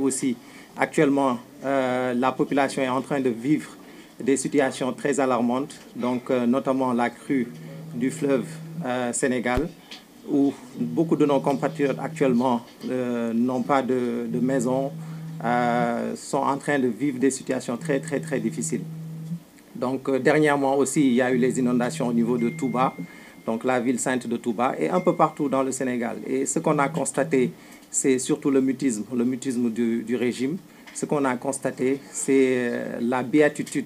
aussi actuellement euh, la population est en train de vivre des situations très alarmantes donc euh, notamment la crue du fleuve euh, Sénégal où beaucoup de nos compatriotes actuellement euh, n'ont pas de, de maison euh, sont en train de vivre des situations très très très difficiles donc euh, dernièrement aussi il y a eu les inondations au niveau de Touba donc la ville sainte de Touba et un peu partout dans le Sénégal et ce qu'on a constaté c'est surtout le mutisme, le mutisme du, du régime. Ce qu'on a constaté, c'est euh, la béatitude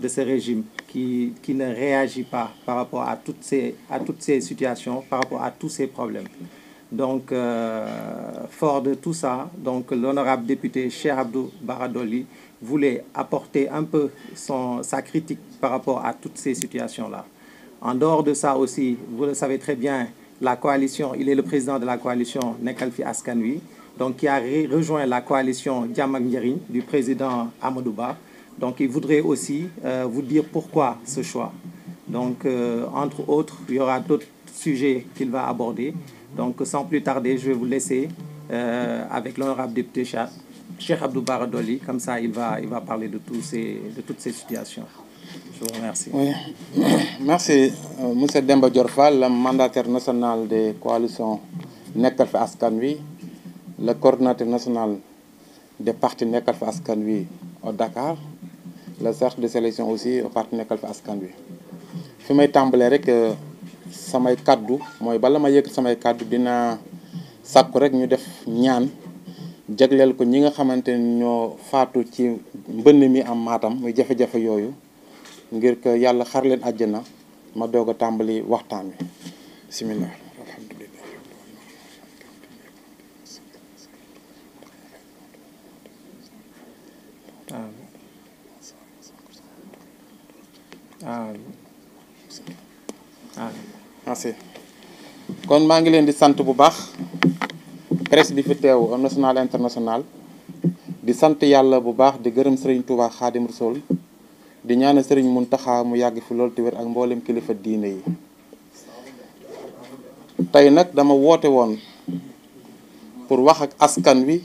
de ce régime qui, qui, ne réagit pas par rapport à toutes, ces, à toutes ces situations, par rapport à tous ces problèmes. Donc, euh, fort de tout ça, donc l'honorable député Cher Abdou Baradoli voulait apporter un peu son, sa critique par rapport à toutes ces situations-là. En dehors de ça aussi, vous le savez très bien, la coalition il est le président de la coalition nekkal fi askan wi donc qui a rejoint la coalition Jàmm ak Njariñ du président Amadou Ba donc il voudrait aussi euh, vous dire pourquoi ce choix donc euh, entre autres il y aura d'autres sujets qu'il va aborder donc sans plus tarder je vais vous laisser euh, avec l'honorable député Cheikh Abdou Bara Dolly comme ça il va il va parler de tous ces de toutes ces situations Je vous remercie. Euh, monsieur Demba Dior Fall, le mandataire national des coalitions Nekkal Askan Wi, le coordinateur national des partis Askan Wi Dakar, le cercle de aussi au Askan Wi. fi may tàmbalee rek euh, samay kaddu mooy bala ma yëkkat samay kaddu dina sakku rek ñu def ñaan jagleel ko ñi nga xamante ni ñoo faatu ci mbënn mi am maatam muy jafe-jafe yooyu ngir que yàlla xar leen àjjana ma doog tàmbali waxtaan wi bisimilah alhamdulilah merci kon maa ngi leen di sant bu baax presse bi fi teew national international di sant yàlla bu baax di gërëm Serigne Touba Khadim Rassoul di ñaanal sëriñ Muntaxa mu yàgg fi loolu te wér ak mboolem kilifa diine yi tey nag dama woote woon pour wax ak askan wi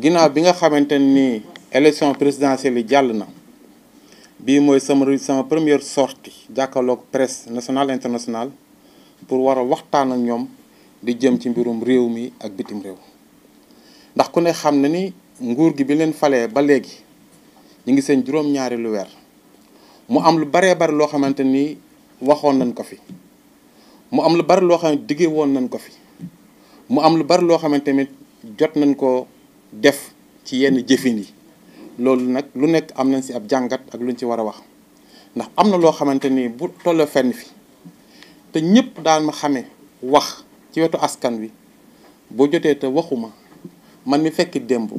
ginnaaw bi nga xamante ni élection présidentielle yi jàll na bii mooy sama sama première sortie jàkkaarloog presse nationale internationale pour war a waxtaan ak ñoom di jëm ci mbirum réew mi ak bitim réew ndax ku ne xam na ni nguur gi bi leen falee ba léegi. ñu ngi seen juróom-ñaari lu weer mu am lu baree bari loo xamante nii waxoon nañ ko fi mu am lu bari loo xam ne diggee woon nañ ko fi mu am lu bari loo xamante tamit jot nañ ko def ci yenn jëfin yi loolu nag lu nekk am nañ si ab jàngat ak luñ ci war a wax ndax am na loo xamante ni bu tolloo fenn fi te ñëpp daan ma xamee wax ci wetu askan wi boo jotee te waxuma man mi fekk démb.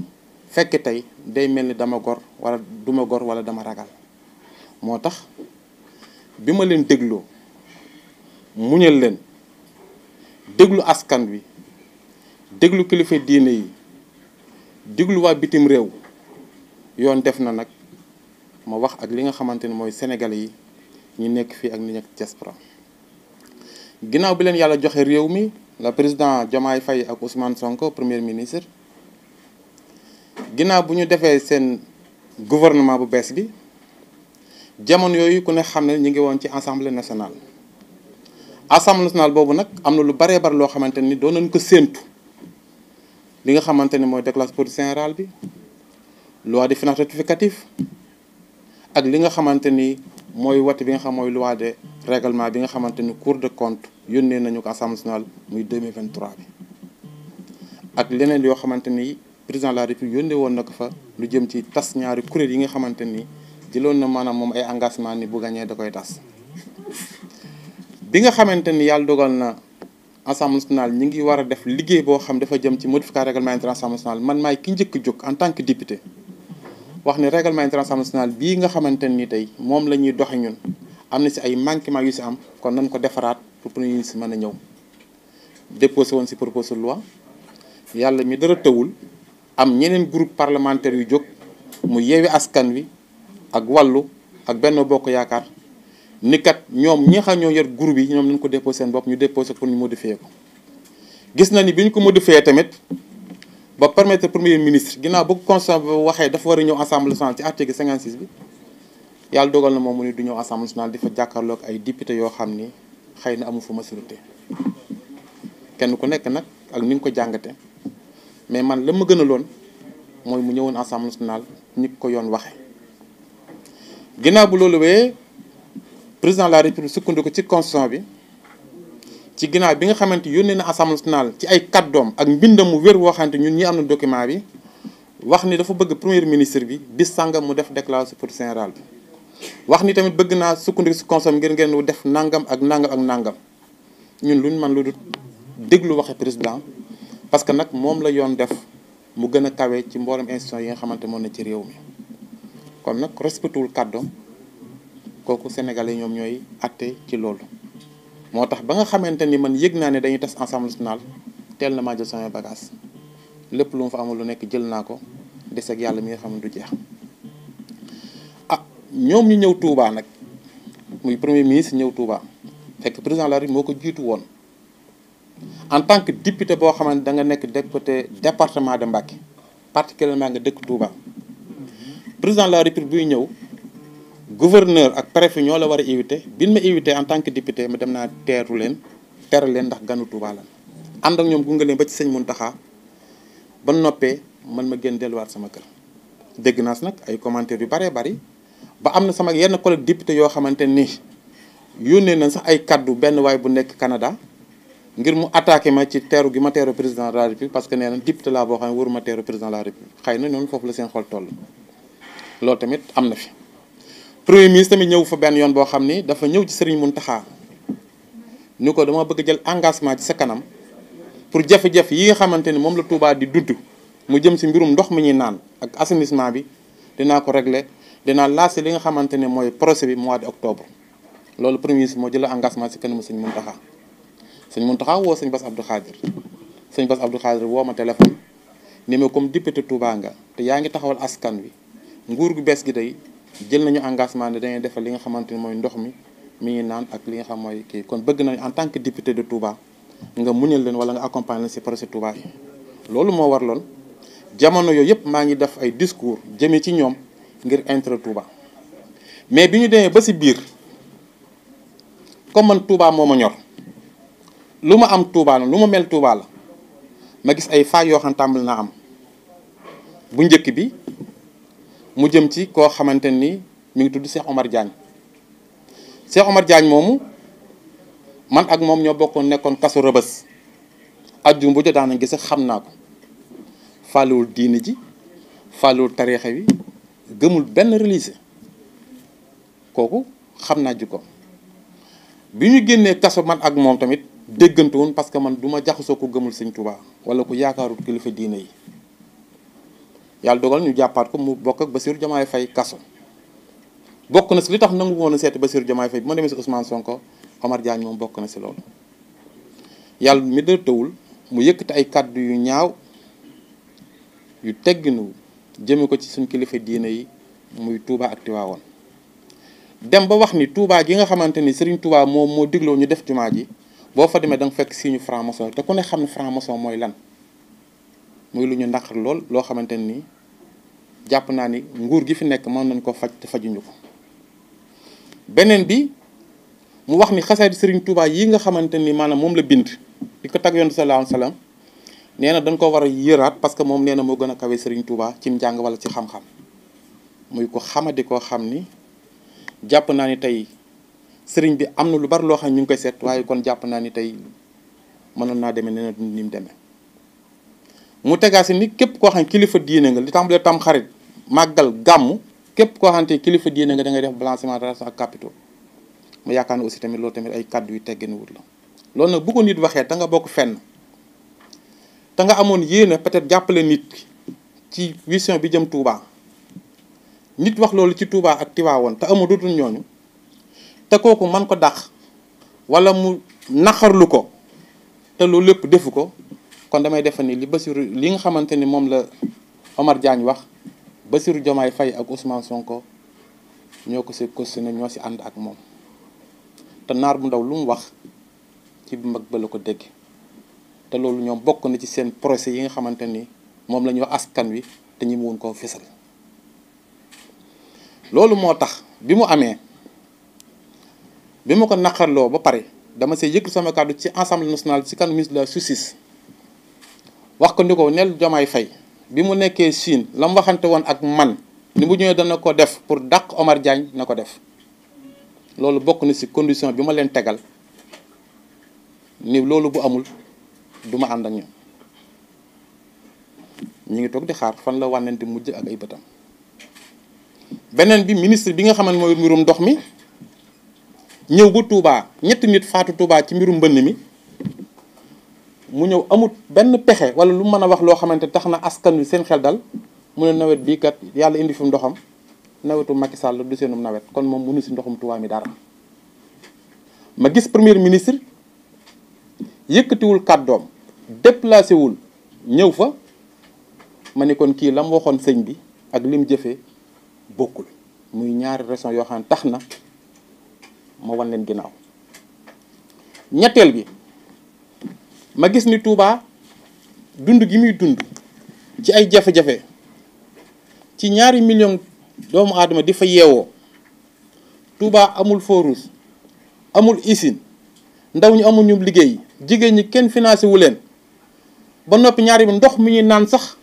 fekk tey day mel ni dama gor wala duma gor wala dama ragal moo tax bi ma leen dégloo muñal leen déglu askan wi déglu kilifa diine yi déglu waa bitim réew yoon def na nag ma wax ak li nga xamante ne mooy sénégalais yi ñu nekk fii ak ñu nekk diaspora ginnaaw bi leen yàlla joxe réew mi la président Diomaye fay ak Ousmane Sonko premier ministre ginnaaw bu ñu defee seen gouvernement bu bees bi jamono yooyu ku ne xam ne ñu ngi woon ci assemblée national assemblée nationale boobu nag am na lu baree bari loo xamante ni doon ko séentu li nga xamante ni mooy déclaration politique générale bi loi de finances ak li nga xamante ni mooy wati bi nga xam mooy loi de règlement bi nga xamante ni cour de compte yónnee nañu ko assemblée nationale muy 2023 bi ak leneen yoo xamante ni. président la république yónnee woon na ko fa lu jëm ci tas ñaari kuréel yi nga xamante ni jëloon na maanaam moom ay engagement ni bu gagné da koy tas. bi nga xamante ni yàlla dogal na assemblée nationale ñi ngi war a def liggéey boo xam dafa jëm ci modification règlement intérieur assemblée nationale man maay ki njëkk a jóg en tant que député. wax ne règlement intérieur nationale bii nga xamante ni tey moom la ñuy doxe ñun am na si ay manque manquement yu si am kon nañ ko defaraat pour pour si mën a ñëw woon si proposition de loi yàlla mi dara tëwul. am ñeneen groupe parlementaire yu jóg mu yeewi askan wi ak wàllu ak benn bokk yaakaar ni kat ñoom ñi xam ñoo yor groupe yi ñoom nañ ko déposé seen bopp ñu déposé pour ñu modifier ko. gis na ni bi ñu ko modifié tamit ba permettre premier ministre ginnaaw bu constat waxee dafa war a ñëw assemblée nationale ci article 56 bi yàlla dogal na moom mu ni du ñëw assemblée nationale di fa jàkkaarloog ay député yoo xam ni xëy na amu fa majorité kenn ku nekk nag ak ni nga ko jàngate mais man la ma gën a loon mooy mu ñëwoon assemblée nationale ni ko yoon waxe ginnaaw bu loolu wee président la république sukkandiku ci constitution bi ci ginnaaw bi nga xamante yónnee na assemblée nationale ci ay kàddoom ak mbindam mu wér woo xamante ñun ñi am na document bi wax ni dafa bëgg premier ministre bi bis sàngam mu def déclaration politique générale bi wax ni tamit bëgg naa sukkandiku ci constitution bi ngir ngeen def nangam ak nangam ak nangam ñun luñ man lu dul déglu waxe président parce que nag moom la yoon def mu gën a kawe ci mboolem institution yi nga xamante moom na ci réew mi kon nag respectuwul kàddoom kooku sénégalais ñoom ñooy atte ci loolu moo tax ba nga xamante ni man yëg naa ne dañuy tas ensemble national teel na maa jël sama bagage lépp lu mu fa amul lu nekk jël naa ko des yàlla mi nga xam ne du jeex ah ñoom ñu ñëw tuubaa nag muy premier ministre ñëw Touba fekk président la République moo ko jiitu woon en tant que député boo xamante da nga nekk député département de Mbacké particulièrement nga dëkk Touba président la république buy ñëw gouverneur ak préfet ñoo la war a invité binn ma invité en tant que député ma dem naa teeru leen teeru leen ndax ganu Touba la ànd ak ñoom gunge leen ba ci sëñ taxa ba noppee man ma gën delluwaat sama kër dégg naa si nag ay commentaires yu bëree bëri ba am na sama yenn collègue député yoo xamante nii yónnee nañ sax ay kaddu benn waay bu nekk Canada ngir mu attaqué ma ci teeru gi ma teeru président de la république parce que nee na député laa boo xam ne waruma teeru président de la république xëy na ñoom foofu la seen xol toll loolu tamit am na fi premier ministre tamit ñëw fa benn yoon boo xam ni dafa ñëw ci Serigne Mountakha ni ko dama bëgg jël engagement ci sa kanam pour jafe-jafe yi nga xamante ni moom la Touba di dudd mu jëm si mbirum ndox mi ñuy naan ak assainissement bi dinaa ko regle dinaa laase li nga xamante ne mooy procès bi mois de octobre loolu premier moo jël engagement si kanamu Serigne Mountakha sëñ Mountakha woo sëñ bas Abdou Khadir sëñ Bass Abdou Khadir woo ma téléphone ni ma comme député Touba nga te yaa ngi taxawal askan wi nguur gu bees gi day jël nañu engagement ne dañuy defal li nga xamante ni mooy ndox mi mi ngi naan ak li nga xam mooy kii kon bëgg nañu en tant que député de Touba nga muñal leen wala nga accompagner leen si projet Touba yi. loolu moo war warloon jamono yooyu yëpp maa ngi def ay discours jëmee ci ñoom ngir intérêt Touba mais bi ñu demee ba si biir comme man Touba moo ma ñor. lu ma am Touba lu ma mel Touba la ma gis ay faay yoo xam tàmbali naa am bu njëkk bi mu jëm ci koo xamante ni mi ngi tudd Cheikh Omar Diagne Cheikh Omar Diagne moomu man ak moom ñoo bokkoon nekkoon kaso rëbës ajjum bu jot daana gis xam naa ko fàlluwul diini ji fàlluwul tariixa wi gëmul benn religieux kooku xam naa jikko bi ñu génnee kasu man ak moom tamit déggante woon parce que man du ma jaxasoo ko gëmul sëñ Tuubaa wala ku yaakaarut kilifa diine yi yàlla dogal ñu jàppaat ko mu bokk ak ba Bassirou Diomaye fay kaso bokk na si li tax nangu woon a seeti Bassirou Diomaye Faye bi ma demee si Ousmane Sonko Omar Diagne moom bokk na si loolu yàlla mi mu yëkkati ay kàddu yu ñaaw yu tegginu jëme ko ci suñ kilifa diina yi muy Touba ak Tiwaawoon dem ba wax ni Touba gi nga xamante ni sëriñ tubaa moom moo diglo ñu def jumaa ji boo fa demee da nga fekk signe franc maçon te ku ne xam ne franc mooy lan muy lu ñu naqar lool loo xamante ni jàpp naa ni nguur gi fi nekk mën nañ koo faj te fajuñu ko beneen bi mu wax ni xasaayid Sëriñ Tuubaa yi nga xamante ni maanaam moom la bind di ko tag yoon sallallahu alayhi wa sallam nee na dañ ko war a yëraat parce que moom nee na moo gën a kawe Sëriñ Tuubaa ci njàng wala ci xam-xam muy ko xamadi koo xam ni jàpp naa ni tey sëriñ bi am na lu bari loo xam ne ñu ngi koy seet waaye kon jàpp naa ni tey mënoon naa demee nee na ni mu demee mu tegaat si ni képp koo xam ne kilifa diine nga li tàmbalee tam xarit màggal gàmm képp koo xam ne kilifa diine nga da ngay def blanchiment d'argent ak capitaux mu yaakaar ne aussi tamit loolu tamit ay kàddu yu teggin wut la loolu nag bu ko nit waxee te nga bokk fenn te nga amoon yéene peut-être jàppale nit ci vision bi jëm Touba nit wax loolu ci Touba ak Tivaouane te amadootul ñooñu te kooku man ko dàq walla mu naqarlu ko te loolu lépp defu ko kon damay defe nii li Bassirou li nga xamante ni moom la Omar Diagne wax Bassirou jomaay fay ak Ousmane Sonko ñoo ko si questionné ñoo si ànd ak moom te naar bu ndaw lu mu wax ci mag ba ko dégg te loolu ñoom bokk na ci seen procès yi nga xamante ni moom la ñu wax askan wi te ñi mu woon koo fésal loolu moo tax bi mu amee bi ma ko naqarloo ba pare dama see yëkkati sama kàddu ci assemblée nationale ci kan ministre la justice wax ko ni ko nel Diomaye Faye bi mu nekkee siin la mu waxante woon ak man ni mu ñëwee dana ko def pour dàq Omar Diagne na ko def loolu bokk na ci condition bi ma leen tegal ni loolu bu amul du ma ànd ak ñoom ñu ngi toog di xaar fan la wànneen di mujj ak ay bëtam beneen bi ministre bi nga xamante mooy mbirum ndox mi ñëw ba tuubaa ñetti nit faatu tuubaa ci mbirum mbënn mi mu ñëw amut benn pexe wala lu mën a wax loo xamante tax na askan wi seen xel dal mu ne nawet bii kat yàlla indi fi ndoxam nawetu Macky Sall du seenu nawet kon moom mënu si ndoxum Touba mi dara. ma gis premier ministre yëkkatiwul kàddoom déplacé wul ñëw fa ma ne kon kii la mu waxoon sëñ bi ak lim jëfe bokkul muy ñaari raison yoo xam ne tax na. ma wan leen ginnaaw ñetteel bi ma gis ni Touba dund gi muy dund ci ay jafe-jafe ci ñaari million doomu aadama di fa yeewoo Touba amul forus amul usine ndaw ñu amul ñu liggéey jigéen ñi kenn financé wu leen ba noppi ñaari bi ndox mi ñuy naan sax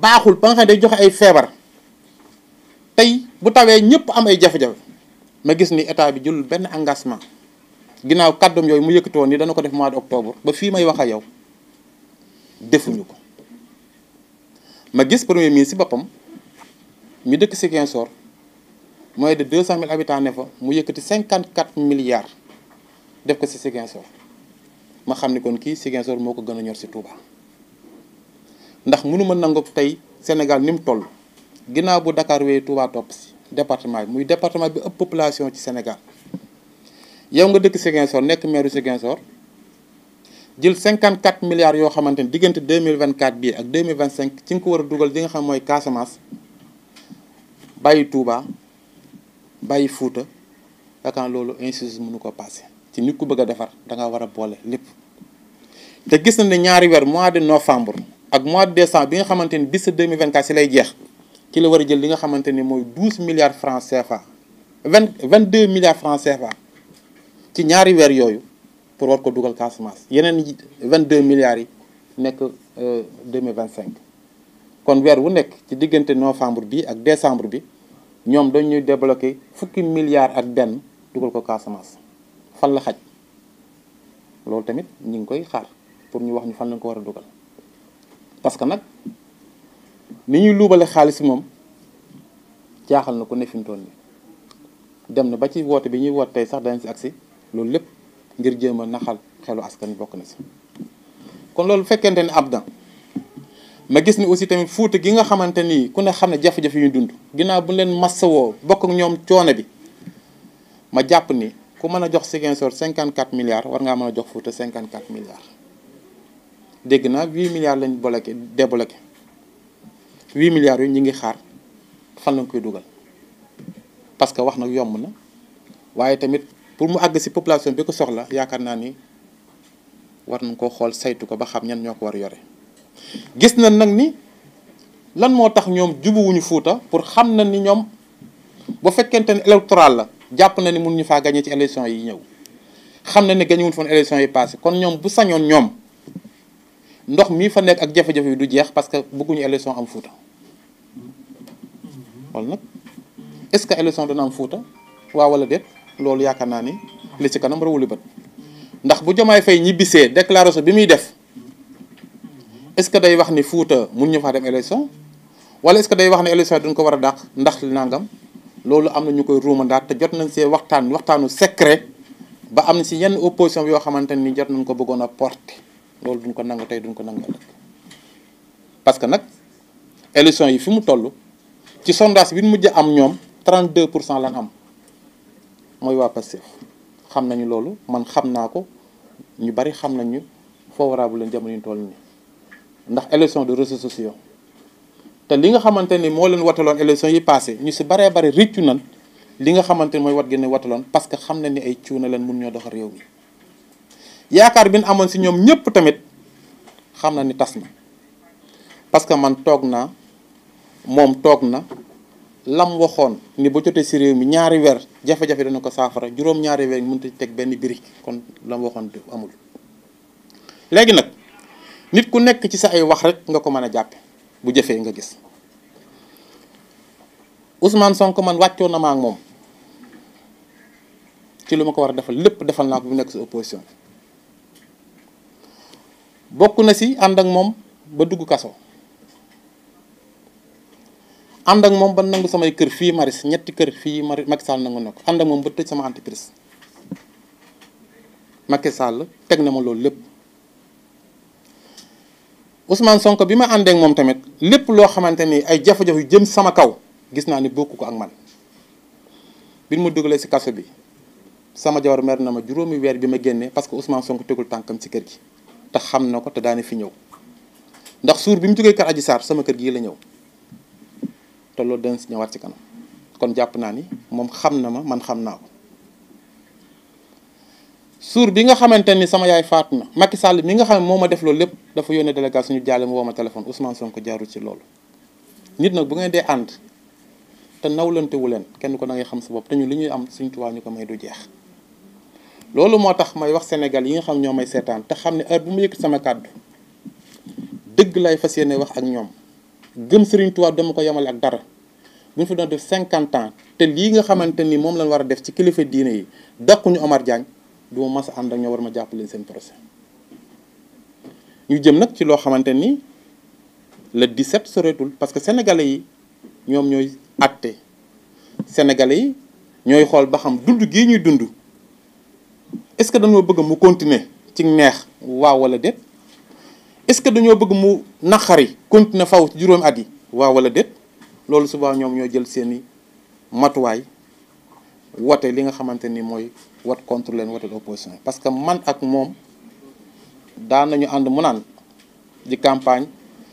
baaxul ba nga xam ne day joxe ay feebar tey bu tawee ñëpp am ay jafe-jafe. ma gis ni état bi jëlul benn engagement ginnaaw kàddoom yooyu mu yëkkatoon ni dana ko def mois de octobre ba fii may wax a yow defuñu ko ma gis premier ministre si boppam mi dëkk Ziguinchor mooy de 200000 habitants ne fa mu yëkkati 54 milliards def ko si Ziguinchor ma xam ni kon kii Ziguinchor moo ko gën a ñor si Touba ndax mënuma nangu tey Sénégal ni mu toll ginnaaw bu dakaar wee Touba topp si. département bi muy département bi ëpp population ci Sénégal yow nga dëkk Ziguinchor nekk maire Ziguinchor jël 54 milliards yoo xamante ni diggante 2024 bii ak 2025 ci nga ko war a dugal li nga xam mooy Casamance bàyyi tuuba bàyyi Fouta yaakaar loolu injustice mënu ko passé ci nit ku bëgg a defar da nga war a boole lépp. te gis na ne ñaari weer mois de novembre ak mois de décembre bi nga xamante ni bis 2024 si lay jeex. ci la war a jël li nga xamante ni mooy douze milliards francs fa vingt vingt deux milliards francs CFA ci ñaari weer yooyu pour war ko dugal Casamance yeneen vingt deux milliards yi nekk euh, deux mille vingt cinq kon weer wu nekk ci diggante novembre bi ak décembre bi ñoom dañuy débloqué fukki milliards ak benn dugal ko Casamance fan la xaj loolu tamit ñu ngi koy xaar pour ñu wax ñu fan lañ ko war a dugal parce nag ni ñuy luubale xaalis moom jaaxal na ku ne fi mu nii dem na ba ci woote bi ñuy woote tey sax danañ si agsi loolu lépp ngir jéem a naxal xelu askan bokk na si kon loolu fekkente ne abdan ma gis ni aussi tamit fuuta gi nga xamante ni ku ne xam ne jafe-jafe yu dund ginnaaw bu leen woo bokk ñoom coono bi ma jàpp ni ku mën a jox Ziguinchor 54 milliards war ngaa mën a jox fuuta 54 milliards dégg naa 8 milliards lañ bloqué débloqué huit milliards yooyu ñu ngi xaar fan lañ koy dugal parce que wax nag yomb na waaye tamit pour mu àgg si population bi ko soxla yaakaar naa ni war nañ koo xool saytu ko ba xam ñan ñoo ko war yore gis nañ nag ni lan moo tax ñoom jubuwuñu Fuuta pour xam na ni ñoom bu fekkente ne électoral la jàpp na ni mun ñu faa gagné ci élection yi ñëw xam na ne gagné wuñ foon élection yi passé kon ñoom bu sañoon ñoom ndox mii fa nekk ak jafe-jafe yi du jeex parce que bëgguñu élection am Fuuta wala nag est-ce que élection dana am Fuuta waa wala déet loolu yaakaar naa ni li si kanam rawuli bët ndax bu Diomaye fay ñibbisee déclaration bi muy def est-ce que day wax ni Fuuta mu ñu faa dem élection wala est-ce que day wax ne élection duñ ko war a dàq ndax nangam loolu am na ñu koy ruumandaat te jot nañ see waxtaan waxtaanu secret ba am na si yenn opposition yoo xamante ni jot nañ ko bëggoon a porter loolu duñ ko nangu tey duñ ko nangu ëllëg parce que nag élection yi fi mu toll ci sondage bi mujj am ñoom trent 32 pour cent lan am mooy waa Pastef xam nañu loolu man xam naa ko ñu bari xam nañu favorable leen jamono ñu toll nii ndax élection de réseaux sociaux te li nga xamante ni moo leen wataloon élection yi passé ñu si bare bari rëccu nan li nga xamante ni mooy wat gën a wataloon parce que xam na ni ay cuuna leen mun ñoo doxal réew mi yaakaar bi ñu amoon si ñoom ñëpp tamit xam na ni tas na parce que man toog naa moom toog na lam waxoon ni ba jotee si réew mi ñaari weer jafe-jafe dana ko saafara juróom ñaari weer mënut te teg benn biri kon lam waxoon amul. léegi nag nit ku nekk ci sa ay wax rek nga ko mën a jàppe bu jëfee nga gis Ousmane Sonko man wàccoo na ma moom ci lu ma ko war a defal lépp defal naa ko bu nekk si opposition bokk na si ànd ak moom ba dugg kaso ànd ak moom ba nangu samay kër fii maris ñetti kër fii maris Macky Sall nangu na ko ànd ak moom ba tëj sama entreprise Macky sàll teg na ma loolu lépp Ousmane Sonko bi ma àndee ak moom tamit lépp loo xamante ni ay jafe-jafe yu jëm sama kaw gis naa ni bokku ko ak man bi mu dugalee si kaso bi sama jabar mer na ma juróomi weer bi ma génnee parce que Ousmane Sonko tegul tànkam ci kër gi te xam na ko te daane fi ñëw ndax suur bi mu jógee kër aji saar sama kër gii la ñëw te loolu dana si ñëwaat ci kanam kon jàpp naa ni moom xam na ma man xam naa ko suur bi nga xamante ni sama yaay faatu na Macky Sall mi nga xam ne moo ma def loolu lépp dafa yónnee délégation ñu jaale ma woo ma téléphone Ousmane Sonko jaarul ci loolu nit nag bu ngeen dee ànd te nawlante wu leen kenn ko da xam sa bopp te ñu li ñuy am suñ tuwaa ñu ko may du jeex loolu moo tax may wax Sénégal yi nga xam ñoo may seetaan te xam ne heure bu ma yëkkati sama kàddu dëgg lay fas yéene wax ak ñoom gëm Serigne Touba dama ko yemale ak dara bu ñu fa doon def cinquante ans te lii nga xamante ni moom lañ war a def ci kilifa diine yi dàquñu Omar jàng du ma mas ànd ak ñoo war ma jàppale seen procès ñu jëm nag ci loo xamante ni le 17 soreetul parce que sénégalais yi ñoom ñooy àtte sénégalais yi ñooy xool ba xam dund gii ñuy dund. est-ce que dañoo bëgg mu continuer ci neex waaw wala déet est-ce que dañoo bëgg mu naqari continuer faw ci juróomi at yi waaw wala déet loolu souvent ñoom ñoo jël seeni matuwaay wote li nga xamante ni mooy wat contre leen wote opposition parce que man ak moom daan nañu ànd mu naan di campagne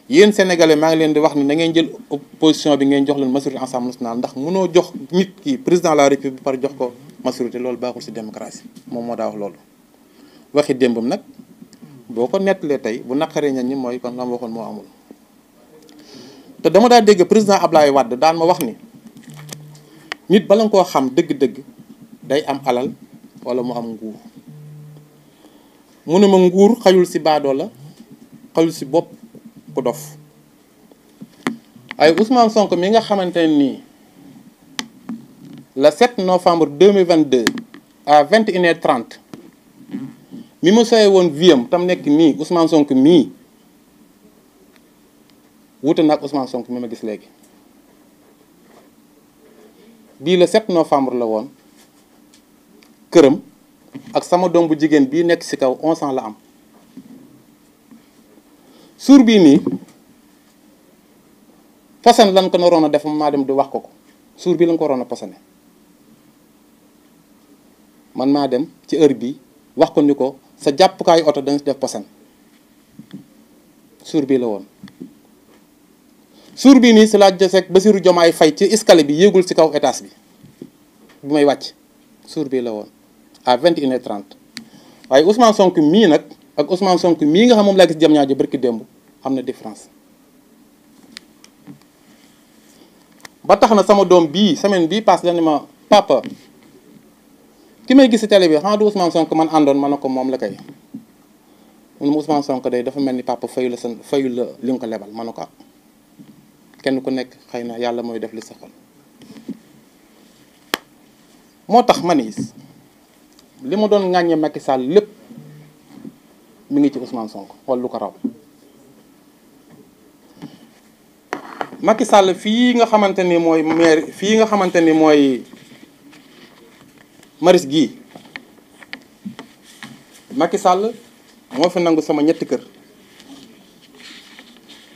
yéen sénégalais maa ngi leen di wax ni na ngeen jël opposition bi ngeen jox leen majorité Assemblée nationale ndax mënoo jox nit ki président de la république par jox ko majorité loolu baaxul si démocratie moom moo daa wax loolu waxi démbam nag boo ko nettalee tey bu naqaree ñan ñi mooy kon lam waxoon moo amul te dama daa dégg président Ablaye Wade daan ma wax ni nit bala nga koo xam dëgg-dëgg day am alal wala mu am nguur mu ne ma nguur xajul si baadoo la xajul si bopp ku dof waaye Ousmane Sonko mi nga xamante nii le 7 novembre 2022 à 21h30 mi mu sooy woon viam tam nekk mii Ousmane sonk mii wuute na ak Ousmane Sonko mi ma gis léegi bii le 7 novembre la woon këram ak sama doom bu jigéen bii nekk ci kaw 11 ans la am suur bii nii posan lan ko naroon a def maa dem di wax ko ko suur bii lañ ko waroon a posane man maa dem ci heure bi wax ko ni ko sa jàppukaayu oto danga def posan suur bii la woon suur bii nii si laa jëseeg Basiru Jomaay Fay ci escalier bi yéegul si kaw étage bi bu may wàcc suur bii la woon à une heure waaye Ousmane Sonko mii nag ak Ousmane sonk mii nga xam moom laa gis jam ñaajo barki démb am na différence ba tax na sama doom bii semaine bii pass la ne ma papa ki may gis si télé bi xanaa du Ousmane Sonko man àndoon man ne ko moom la kay man Ousmane Sonko day dafa mel ni papa fayu la sa fayu la li nga ko lebal ma ne ko kenn ku nekk xëy na yàlla mooy def li sa xol moo tax ma ni li ma doon ŋàññe Macky Sall lépp mu ngi ci usman sonk wala lu ko raw Macky fii nga xamante mooy maire fii nga xamante ni mooy maris gii Macky sàll moo fi nangu sama ñetti kër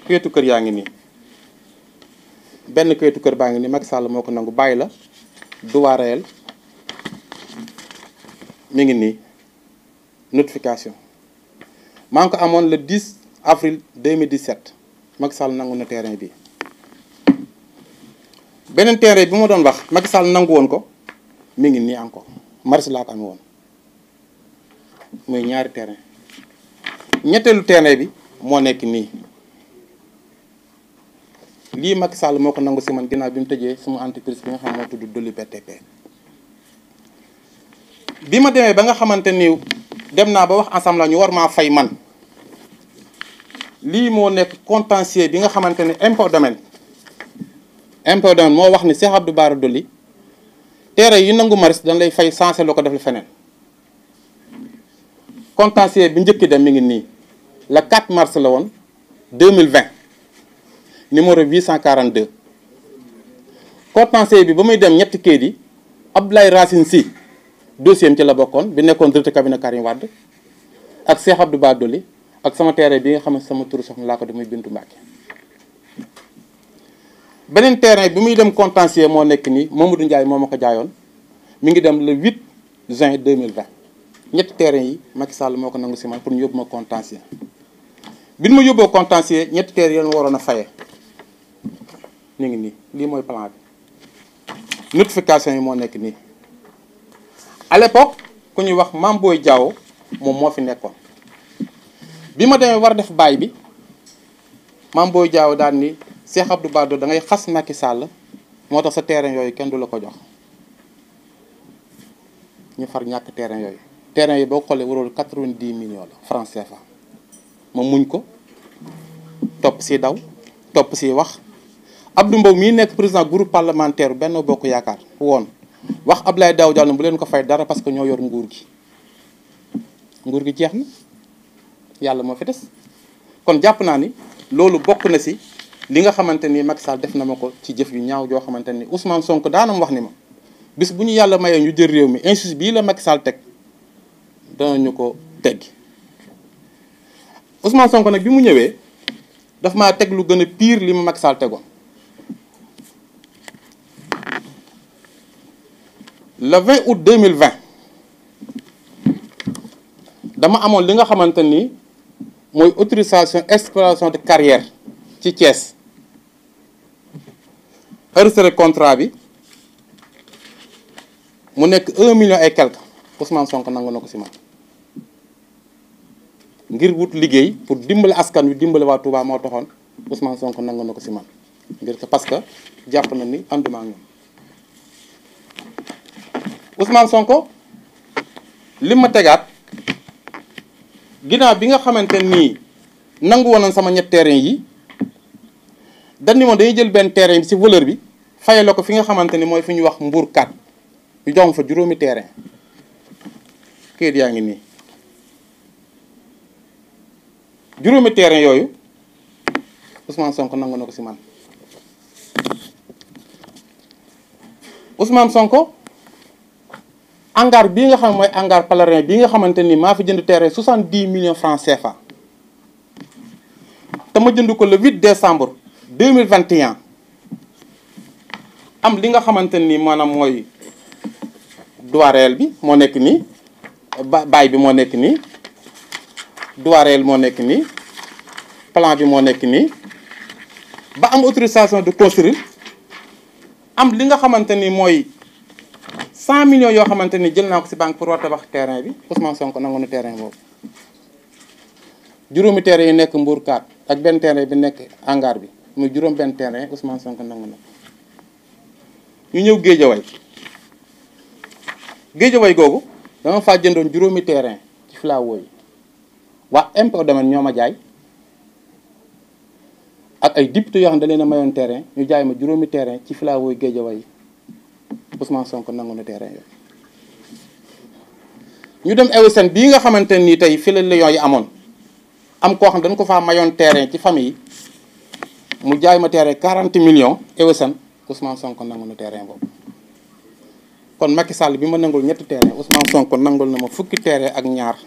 këyitu kër yaa ngi nii benn këyitu kër baa ngi nii Macky sàll moo ko nangu bàyyi la duwaareel mi ngi nii notification maa ngi ko amoon le 10 avril 2017 Macky Sall nangu na terrain bi beneen terrain bi ma doon wax Macky sàll nangu woon ko mi ngi nii encore mars laa ko amee woon muy ñaari terrain ñetteelu terrain bi moo nekk nii lii Macky Sall moo ko nangu si man ginnaaw bi mu tëjee suma entreprise bi nga xam moo tudd Doli BTP bi ma demee ba nga xamante ni dem naa ba wax ensemble ñu war maa fay man lii moo nekk contentieux bi nga xamante ne impôt domaine impôt domaine moo wax ni Cheikh du Bara Doli teere yi nangu maris dañ lay fay sensé loo ko def feneen contentieux bi njëkki dem mi ngi nii le 4 mars la woon 2020 numéro 842 contentieux bi ba muy dem ñetti kayit yi Abdoulaye Racine Sy dossier ci la bokkoon bi nekkoon directeur cabinet yu Wade ak Cheikh du Bara Dolly ak sama teere bi nga xam ne sama turu soxna laa ko di muy Bintu Mbacke beneen terrain bi muy dem contentieux moo nekk nii du Ndiaye moo ma ko jaayoon mi ngi dem le 8 juin 2020 ñetti terrain yi Macky Sall moo ko nangu si man pour ñu yóbbu ma contentieux bi ñu ma yóbboo contentieux ñetti terrain yi waroon a fayee ñu ngi nii lii mooy plan bi notification yi moo nekk nii à ku ñuy wax Mame Boye Diao moom moo fi nekkoon bi ma demee war def baay bi Mame Boye Diao daal ni ab Abdou Baddo da ngay xas Macky Sall moo tax sa terrain yooyu kenn du la ko jox ñu far ñàkk terrain yooyu terrain yi boo xoolee warul quatre-vingt-dix millions la franc CFA ma muñ ko topp si daw topp si wax Abdou Mbow mii nekk président groupe parlementaire Benno Bokk Yaakaar woon wax ab Abdoulaye Daouda Diallo bu leen ko fay dara parce que ñoo yor nguur gi nguur gi jeex na yàlla moo fi des kon jàpp naa ni loolu bokk na si li nga xamante ni Macky Sall def na ma ko ci jëf yu ñaaw joo xamante ni Ousmane Sonko daanam wax ni ma bis bu ñu yàlla mayee ñu jël réew mi injustice bii la Macky Sall teg ñu ko teggi Ousmane Sonko nag bi mu ñëwee daf maa teg lu gën a pire li ma Macky Sall tegoon le 20 août 2020 dama amoon li nga xamante ni mooy autorisation exploration de carrière ci Thiès heure contrat bi mu nekk un million et quelque Ousmane Sonko nangu na ko si man ngir wut liggéey pour dimbale askan wi dimbali waa Touba moo taxoon Ousmane Sonko nangu na ko si man ngir que parce que jàpp na ni ànduma ak ñoom Sonko li ma tegaat ginnaaw bi nga xamante nii nangu woon sama ñett terrain yi dañ ni moom dañuy jël benn terrain si voleur bi fayaloo ko fi nga xamante ni mooy fi ñu wax mbuur kat ñu jox fa juróomi terrain kayit yaa ngi nii juróomi terrain yooyu Ousmane Sonko nangu na ko si man Ousmane Sonko hangar bii nga xam mooy engare pèlerin bii nga xamante ni maa fi jënd terrain soixante-dix millions francs fa te ma jënd ko le 8 décembre deux mille vingt et am li nga xamante ni maanaam mooy doireel bi moo nekk nii ba baay bi moo nekk nii doireel moo nekk nii plan bi moo nekk nii ba am autorisation de construire am li nga xamante ni mooy cent millions yoo xamante ni jël naa ko si banque pour war tabax terrain bi Ousmane Sonko nangu na terrain boobu juróomi tere yu nekk Mbour ak benn terrain bi nekk hangar bi muy juróom benn terrain Ousmane Sonko nangu na ñu ñëw géejawaay géejawaay googu dama faa jëndoon juróomi terrain ci filawoo yi waa impôt domaine ñoo ma jaay ak ay député yoo xam ne da na mayoon terrain ñu jaay ma juróomi terrain ci filawoo yi géejawaay yi Ousmane Sonko nangu na terrain ñu dem Ewesen bii nga xamante nii tey fii la yi amoon am koo xam dañ ko fa mayoon terrain ci famille mu jaay ma terrain million millions Ewesen Ousmane Sonko nangu na terrain boobu kon Macky Sall bi ma nangul ñetti terrain Ousmane Sonko nangul na ma fukki terrain ak ñaar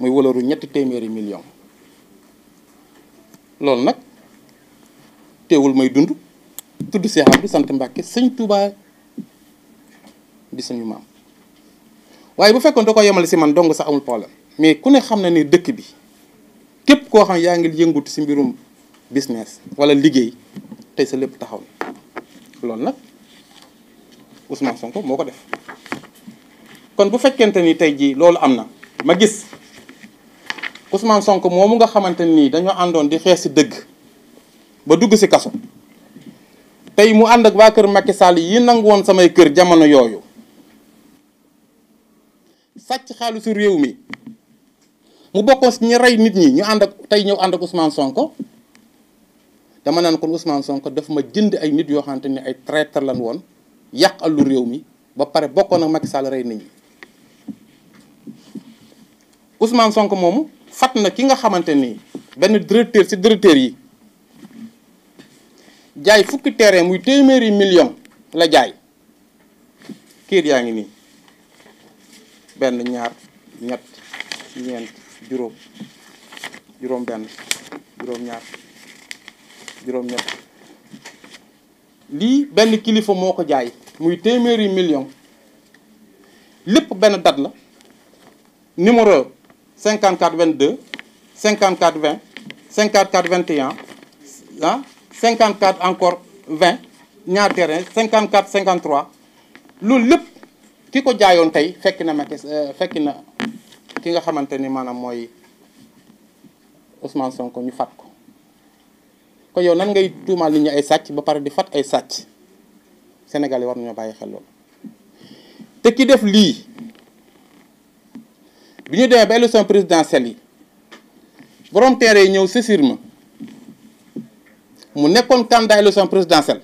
muy waloru ñetti téeméeri million loolu nag teewul may dund tudd Cheikh Abdou sant Mbacke sëñ Touba di suñu maam waaye bu fekkoon da ko yemale si man dong sax amul problème mais ku ne xam na ni dëkk bi képp koo xam yaa ngi yëngut si mbirum business wala liggéey tey sa lépp taxaw loolu nag Ousmane Sonko moo ko def kon bu fekkente ni tey jii loolu am na ma gis Ousmane Sonko moomu nga xamante nii dañoo àndoon di xeex si dëgg ba dugg si kaso tey mu ànd ak waa kër Macky Sall yi nangu woon samay kër jamono yooyu sàcc xaalisu réew mi mu bokkoon si ñu rey nit ñi ñu ànd ak tey ñëw ànd ak Ousmane Sonko dama naan kon Ousmane Sonko daf ma jënd ay nit yoo xamante ne ay traître lan woon yàq alu réew mi ba pare bokkoon ak Macky Sall rey nit ñi Ousmane Sonko moomu fat na ki nga xamante ni benn directeur ci directeur yi jaay fukki terrain muy téeméeri million la jaay kër yaa ngi nii benn ñaar ñett ñeent juróom juróom benn juróom ñaar juróom-ñett lii benn kilifa moo ko jaay muy téeméeri million lépp benn date la numéro 54 22 54 20 54 21 ah 54 encore 20 ñaar terrain 54 53 loolu lépp ki ko jaayoon tey fekk na Macky euh, fekk na ki nga xamante ni maanaam mooy Ousmane Sonko ñu fat ko. ko yow nan ngay tuumaal nit ñi ay sàcc ba pare di fat ay sàcc Sénégal yi war nañoo bàyyi xel loolu te ki def lii bi ñu demee ba élection présidentielle yi borom terre ñëw saisir ma mu nekkoon candidat élection présidentielle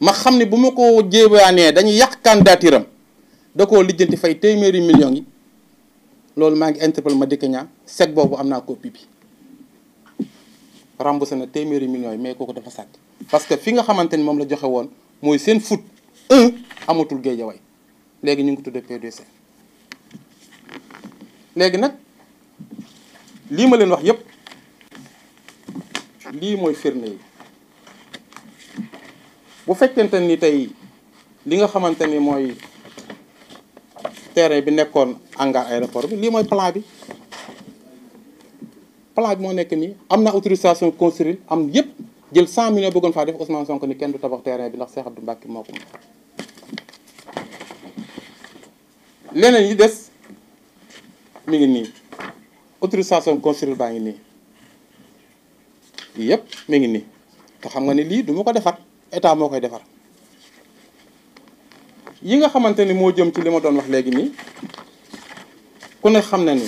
ma xam ne bu ma ko jéebaanee dañuy yàq candidature da koo lijjanti fay téeméeri million yi loolu maa ngi interpellé ma dëkk ñaa sec boobu am naa copie bi remboursé na téeméeri millions yi mais kooku dafa sàcc parce que fi nga xamante ni moom la joxe woon mooy seen foot un amatul géejawaay léegi ñu ngi ko tuddee PDC léegi nag lii ma leen wax yépp lii mooy firne yi bu fekkente ni tey li nga xamante ni mooy terrain bi nekkoon hangar aéroport bi lii mooy plan bi plan moo nekk nii am na autorisation construire am yëpp jël 100 millions bëggoon faa def Ousmane Sonko ni kenn du tabax terrain bi ndax Cheikh Abdou Mbacké moo ko moom leneen yi des mi ngi nii autorisation construire baa ngi nii yëpp mi ngi nii te xam nga ni lii du ma ko defar état moo koy defar yi nga xamante ni moo jëm ci li ma doon wax léegi nii ku ne xam na ni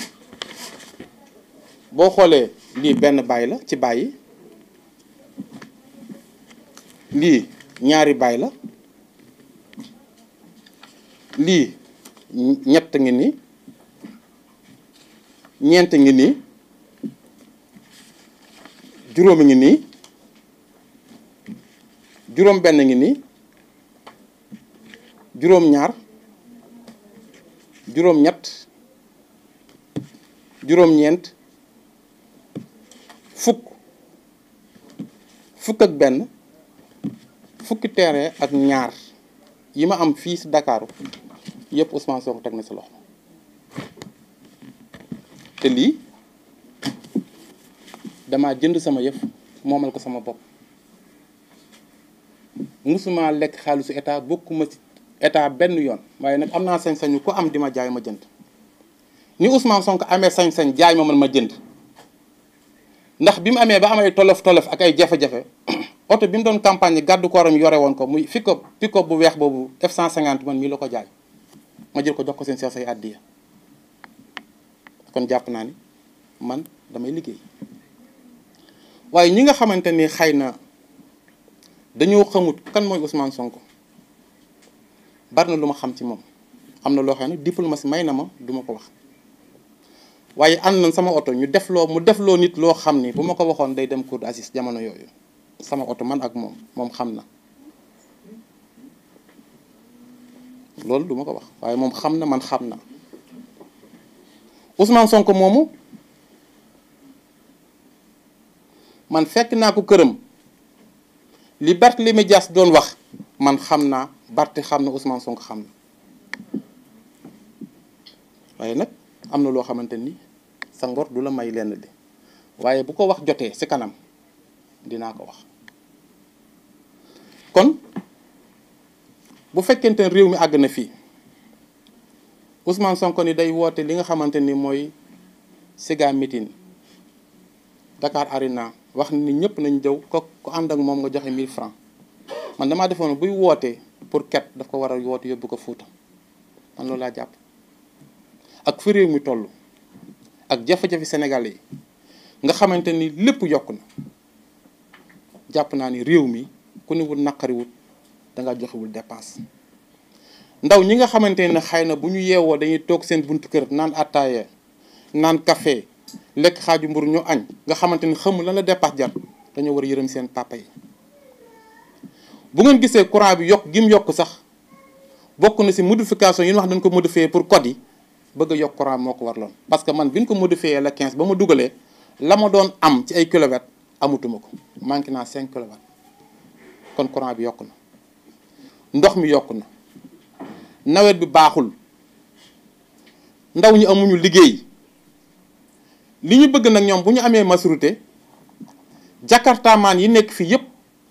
boo xoolee lii benn baay la ci baay lii ñaari baay la lii ñett ngi nii ñeent ngi nii juróomi ngi nii juróom benn ngi nii juróom ñaar juróom ñett juróom ñeent fukk fukk ak benn fukki terrain ak ñaar yi ma am fii si Dakaaru yëpp Ousmane Sonko teg na si loxo te lii damaa jënd sama yëf moomal ko sama bopp musuma lekk xaalisu état bokkuma ci état benn yoon waaye nag am naa sañ-sañu ku am di ma jaay ma jënd ni Ousmane Sonko amee sañ-sañ jaay ma man ma jënd ndax bi mu amee ba am ay tolof ak ay jafe-jafe oto bi mu doon campagne gàddu kooram yore woon ko muy pick-up pick-up bu weex boobu F150 man mii la ko jaay ma jël ko jox ko seen seex say àddiya kon jàpp naa ni man damay liggéey waaye ñi nga xamante ni xëy na dañoo xamut kan mooy Ousmane Sonko bari na lu ma xam ci moom am na loo xam ne si may na ma duma ko wax waaye ànd na sama oto ñu def loo mu def loo nit loo xam ni bu ma ko waxoon day dem cour d'assises jamono yooyu sama oto man ak moom moom xam na loolu du ma ko wax waaye moom xam na man xam na Ousmane Sonko moomu man fekk naa ko këram li Barthélémy Dias doon wax man xam naa Barthé xam na Ousmane Sonko xam na waaye nag am na loo xamante ni sa ngor du la may lenn li waaye bu ko wax jotee si kanam dinaa ko wax kon bu fekkente réew mi àgg na fii Ousmane Sonko ni day woote li nga xamante ni mooy siga meeting Dakar Arena wax ni ñëpp nañ jëw ko ku ànd ak moom nga joxe 1000 francs man damaa defoon buy woote pour ket daf ko war a woote yóbbu ko Fuuta man loolu laa jàpp ak fi réew mi toll ak jafe-jafe sénégalais yi nga xamante ni lépp yokk na jàpp naa ni réew mi ku ne wut naqariwut da joxewul dépense ndaw ñi nga xamante ne xëy na bu ñu yeewoo dañuy toog seen buntu kër naan attaaya naan café lekk xaaju mburu ñu añ nga xamante ni xamul lan la dépense jar dañoo war yërëm seen papa yi bu ngeen gisee courant bi yokk gi mu yokk sax bokk na si modification yi ñu wax dañ ko modifier pour code yi bëgg yokk courant moo ko war warloon parce que man bi ñu ko modifié la 15 ba ma dugalee la ma doon am ci ay kilowatts amatuma ko manqué naa 5 kilowatts kon courant bi yokk na ndox mi yokk na nawet bi baaxul ndaw ñu amuñu liggéey li ñu bëgg nag ñoom bu ñu amee maturité jakartaamaan yi nekk fii yëpp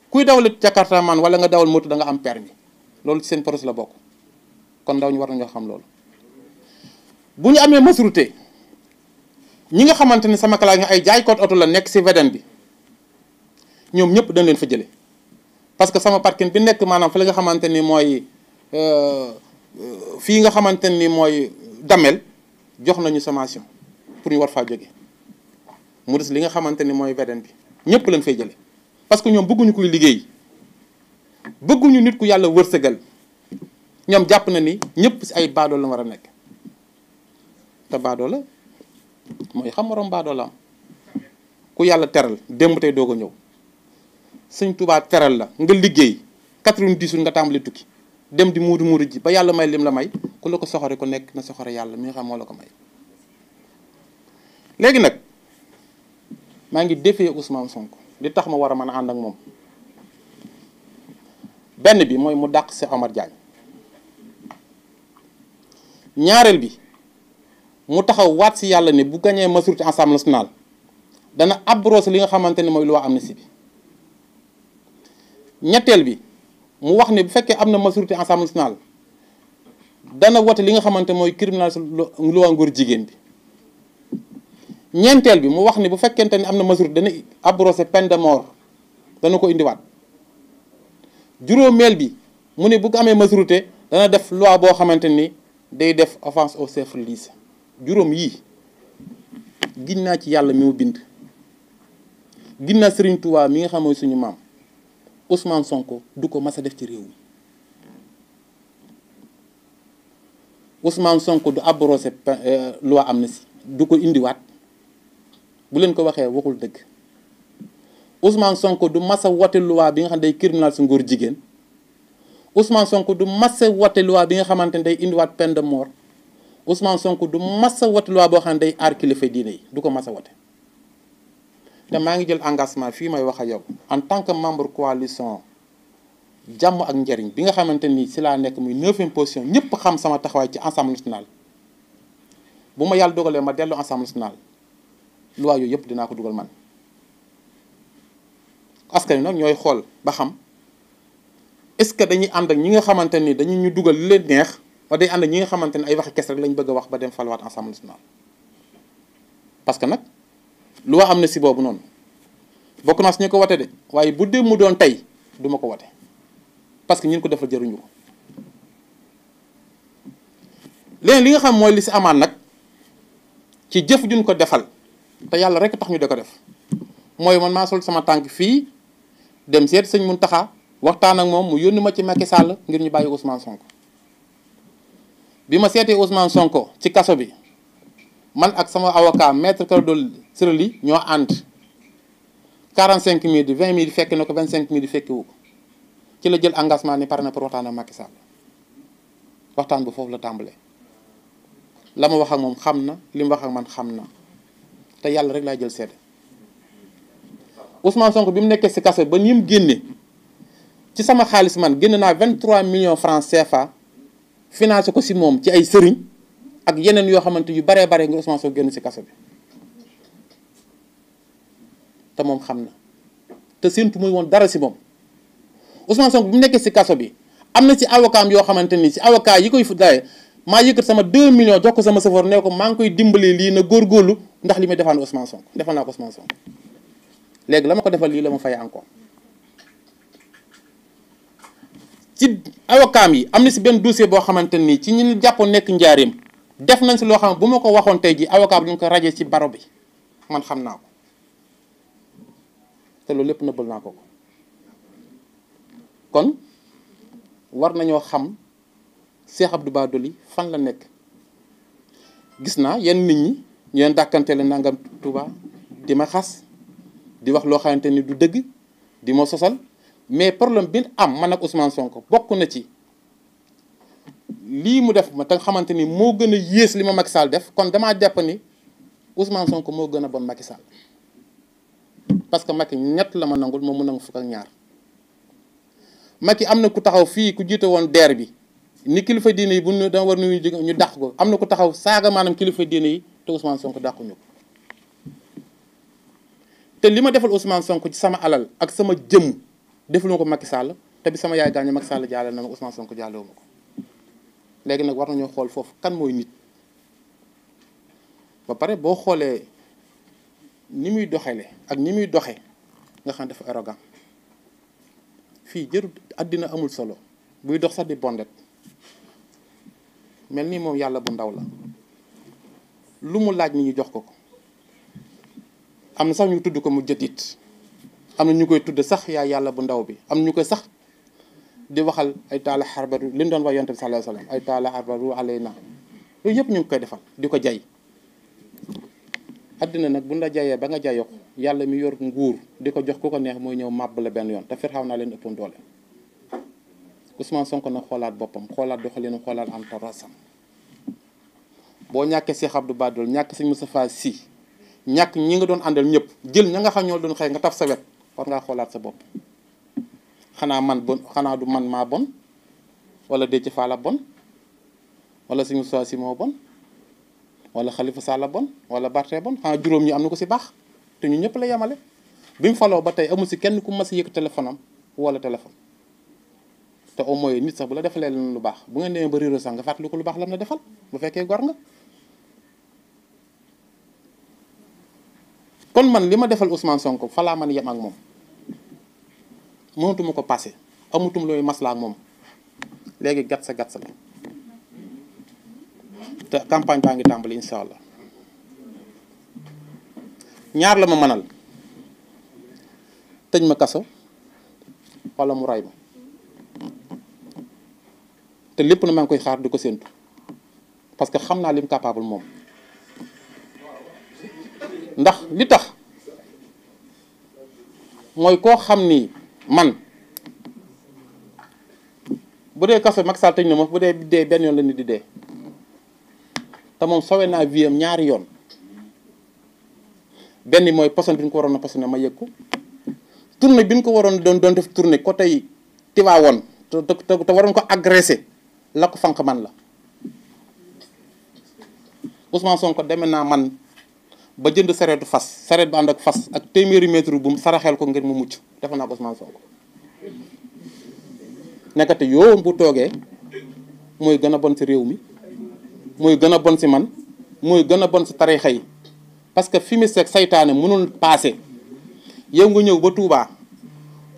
kuy dawal jakartaamaan wala nga dawal moto da nga am permis loolu ci seen projet la bokk kon ndaw ñu war nañoo xam loolu. bu ñu amee maturité ñi nga xamante ne sama classe nga ay jaaykoot oto la nekk ci VDN bi ñoom ñëpp dañ leen fa jële parce que sama parking bi nekk maanaam fa la nga xamante ni mooy euh, euh, fii nga xamante ni mooy damel jox nañu sommation pour ñu war faa mu des li nga xamante ni mooy VDN bi ñëpp lañ fay jële parce que ñoom bëgguñu kuy liggéey bëgguñu nit ku yàlla wërsëgal ñoom jàpp na ni ñëpp ci ay baadoo la war a nekk te baadoola mooy xam morom baadoolaam ku yàlla teral démb tey doog a ñëw sëñ tubaab teral la nga liggéey 90 nga tàmbali tukki dem di muudu muudu ji ba yàlla may lim la may ku la ko soxore ku nekk na soxore yàlla mu nga xam moo la ko may léegi nag maa ngi defee Ousmane sonk di tax ma war a mën a ànd ak moom benn bi mooy mu dàq si Omar Diagne ñaareel bi mu taxaw waat si yàlla ne bu gañee majorité Assemblée nationale dana abrogé li nga xamante ni mooy am na si bi ñetteel bi mu wax ne bu fekkee am na majorité Assemblée nationale dana wote li nga xamante mooy criminalisé loi ngóor jigéen bi ñeenteel bi mu wax ni bu fekkente ni am na majorité dana abrogé peine de mort dana ko indiwaat juróomeel bi mu ne bu amee majorité dana def loi boo xamante ni day def offense au chef religieux juróom yii gin naa ci yàlla mi bind gin naa Serigne Touba mi nga xam suñu maam Ousmane Sonko du ko mas def ci réew mi Ousmane Sonko du am na si du ko indiwaat bu leen ko waxee waxul dëgg Ousmane Sonko du mas a wote bi nga xam ne day criminal su ngóor jigéen Ousmane Sonko du mas a wote loi bi nga xamante ne day indiwaat peine de mort. Ousmane Sonko du mas a wote loi boo xam ne day aar kilifa diine yi du ko mas a wote te maa ngi jël engagement fii may wax a yow en tant que membre coalition jàmm ak njariñ bi nga xamante ni si laa nekk muy neuvième position ñëpp xam sama taxawaay ci assemblée nationale bu ma yàlla dogalee ma dellu assemblée nationale loi yooyu yëpp dinaa ko dugal man aska wi nag ñooy xool ba xam est-ce que dañuy ànd ak ñi nga xamante ni dañu ñu dugal lu leen neex wala day ànd ñi nga xamante ne ay waxi kes rek lañ bëgg a wax ba dem falwaat assemblée nationale parce que nag lu waa am na si boobu noonu bokk naa su ñu ko wate de waaye bu dee mu doon tey duma ko wate parce que ñun ko defal jëruñu ko li nga xam mooy li si amaan nag ci jëf juñ ko defal te yàlla rek tax ñu de ko def mooy man maa sol sama tànk fii dem seet sëñ Mountakha waxtaan ak moom mu yónni ma ci Macky Sall ngir ñu bàyyi Ousmane Sonko. bi ma seetee Ousmane Sonko ci kaso bi man ak sama avocat maître Clédor Ciré Ly ñoo ànd 45 mille di 20 mille fekk na ko 25 mille fekki wu ci la jël engagement ni pare na pour waxtaan ak Macky waxtaan bu foofu la tàmbalee la ma wax moom xam na li mu wax man xam na te yàlla rek laa jël seede Ousmane Sonko bi mu nekkee si kaso ba ni mu génne ci sama xaalis man génne naa 23 millions francs CFA. financé ko si moom ci ay sëriñ ak yeneen yoo xamante yu baree bare nga Ousmane Sonko génn si kaso bi te moom xam na te séntu muy woon dara si moom Ousmane Sonko bu nekkee si kaso bi am na ci avocat yoo xamante ni si avocat yi koy fu daye maa yëkkat sama 2 millions jox ko sama safoor ne ko maa ngi koy dimbalee lii na góorgóorlu ndax li may defaan Ousmane Sonko defal naa ko Ousmane Sonko léegi la ma ko defal lii la ma fay encore ci awokaam yi am na si benn dossier boo xamante nii ci ñi ñu jàppoon nekk njaareem def nañ si loo xam bu ma ko waxoon tey ji avocat bi ñu ko rajee ci baro bi man xam naa ko te loolu lépp na nëbbal naa ko ko kon war nañoo xam Cheikh Abdou Bara Dolly fan la nekk gis naa yenn nit ñi ñu leen dàkkante la nangam Touba di ma xas di wax loo xamante ni du dëgg di ma sosal mais problème bi am man ak Ousmane Sonko bokk na ci lii mu def ma te xamante ni moo gën a yées li ma Macky Sall def kon damaa jàpp ni Ousmane Sonko moo gën a bon Macky Sall parce que Macky ñett la ma nangul moom mu nangu fukk ak ñaar Macky am na ku taxaw fii ku jiite woon deer bi ni kilifa diine yi bu ñu dama war ñu ñu dàq ko am na ku taxaw saaga maanaam kilifa diine yi te Ousmane Sonko dàquñu ko te li ma defal Ousmane sonk ci sama alal ak sama jëmm. defuloo ko Macky Sall te bi sama yaay gaañu Macky Sall jaale na ma Ousmane Sonko jaalewu ma ko léegi nag war nañoo xool foofu kan mooy nit ba pare boo xoolee ni muy doxele ak ni muy doxe nga xam def arrogant fii jërut àddina amul solo buy dox sax di bondet mel ni moom yàlla bu ndaw la lu mu laaj ni ñu jox ko ko am na sax ñu tudd ko mu jëtit am na ñu koy tudd sax yaa yàlla bu ndaw bi am ñu koy sax di waxal ay taala xarbatu li ñu doon wax yonte bi sallallahu ay wa sallam ay taala xarbatu alayna yooyu yëpp ñu ngi koy defal di ko jay addina nag buñ la jayee ba nga jayoo yàlla mi yor nguur di ko jox ku ko neex mooy ñëw màbb la benn yoon te firxaw naa leen ëppoon doole Ousmane Sonko na xoolaat boppam xoolaat doxalinam xoolaat entourage-am boo ñàkkee Cheikh Abdou Badol ñàkk sëñ Moustapha Sy ñàkk ñi nga doon àndal ñëpp jël ña nga xam ñoo doon xëy nga taf sa war ngaa xoolaat sa bopp xanaa man bon xanaa du man maa bon wala Déthié Fall a bon wala Serigne Moustapha Sy moo bon wala Khalifa Sall a bon wala Barthé bon xanaa juróom ñi am na ko si baax te ñu ñëpp la yemale bi mu faloo ba tey amul si kenn ku ma a yëg téléphone am wala téléphone te au moins nit sax bu la defalee lu baax bu ngeen demee ba réeroo sax nga fàttaliku lu baax lam la defal bu fekkee gor nga kon man li ma defal Ousmane Sonko fa laa mën yem ak moom mënatuma ko passé amutum looy maslaa moom léegi gat sa gat sa la te campagne baa ngi tàmbali incha allah ñaar la ma manal tëj ma kaso wala mu ray ma te lépp na maa ngi koy xaar di ko séntu parce que xam naa lim capable moom. ndax li tax mooy koo xam ni man bu dee kaso Macky Sall tëj na ma bu dee benn yoon la nit di dee te moom sowe naa vie am ñaari yoon benn mooy poson bi ñu ko waroon a posone ma yëg ko tournée bi ñu ko waroon doon doon def tournée côté yi Tivaouane te te waroon ko agressé la ko fanq man la Ousmane Sonko demee naa man ba jënd sareetu fas sareet ba ànd ak fas ak téeméeri mètre bu mu saraxeel ko ngir mu mucc defe naa ko Ousmane Sonko nekkate yoon bu toogee mooy gën a bon si réew mi mooy gën a bon si man mooy gën a bon si tarixa yi parce que fi mu seeg saytaane mënul paase yow nga ñëw ba Touba